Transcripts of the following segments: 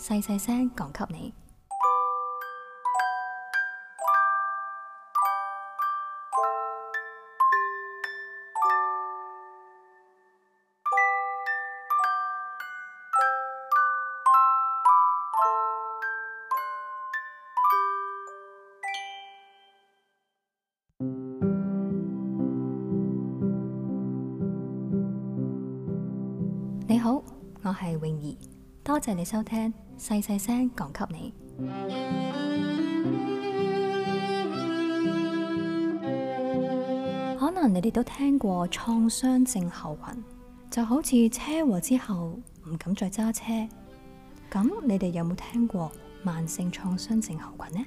細細聲講給你。 你好，我係泳兒。多謝你收聽，細細聲講給你。 可能你哋都聽過創傷症候群，就好似車禍之後唔敢再揸車。咁你哋有冇聽過慢性創傷症候群呢？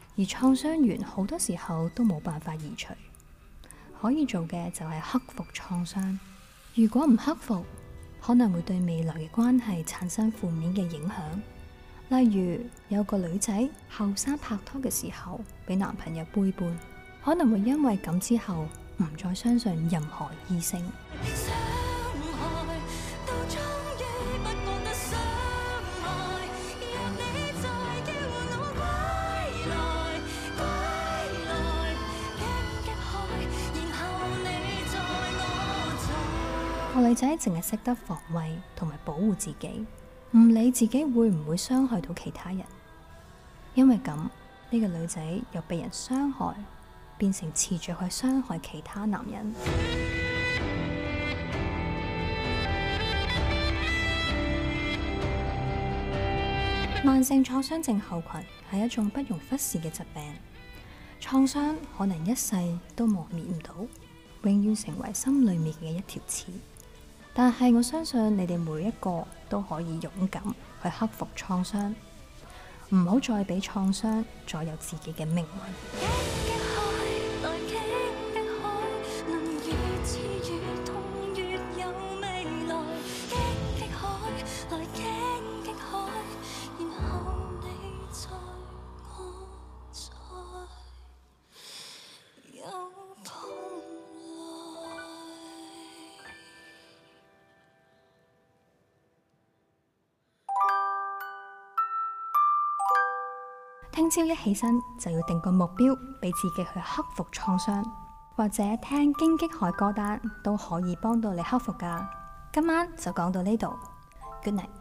而創傷源好多時候都冇辦法移除，可以做嘅就係克服創傷。如果唔克服，可能會對未來嘅關係產生負面嘅影響。例如有個女仔後生拍拖嘅時候俾男朋友背叛，可能會因為咁之後唔再相信任何異性。個女仔淨係識得防衛同埋保護自己，唔理自己會唔會傷害到其他人。因為咁，呢個女仔又被人傷害，變成持續去傷害其他男人。慢性創傷症候群係一種不容忽視嘅疾病，創傷可能一世都磨滅唔到，永遠成為心裏面嘅一條刺。但係，我相信你哋每一個都可以勇敢去克服創傷，唔好再俾創傷左右自己嘅命運。聽朝一起身就要定個目標俾自己去克服創傷，或者聽《荊棘海》歌單都可以幫到你克服㗎。今晚就講到呢度，Good night。